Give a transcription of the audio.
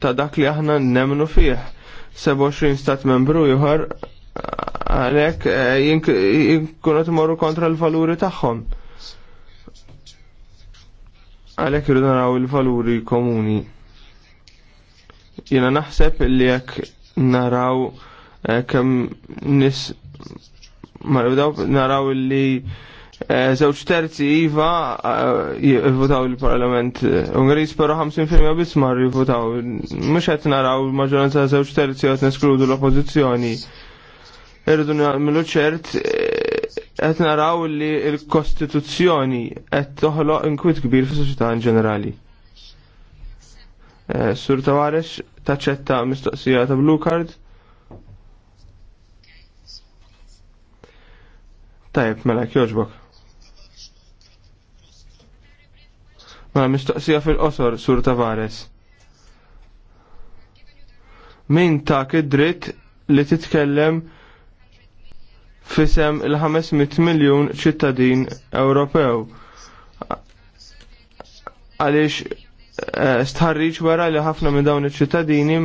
ta' dak li aħna nemnu fih. 27 stat membru juħar għalek eh, jinkunu tmorru kontra l-valuri tagħhom. Għalek jirudan naraw il-valuri komuni. Jena naħseb li jekk naraw eh, kem nis ma naraw li Eh, zewċ terzi Iva jivvotaw eh, il-Parlament eh, Ungaris, pero 50% bismar mar jivvotaw. Mux għet naraw il-maġoranza zewċ terzi għet neskludu l-oppozizjoni. Irridu mill ċert għet naraw li il-Kostituzzjoni għet toħloq inkwit kbir fis soċjetà in ġenerali. Sur Tawarex taċċetta mistoqsija ta' Blue Card. Tajb, mela kjoġbok. Ma mistoqsija fil-qosor, Sur Tavares. Min ta' id-dritt li titkellem fisem il-500 miljon ċittadin Ewropew. Għaliex eh, stħarriċ wara li ħafna minn dawn iċ-ċittadini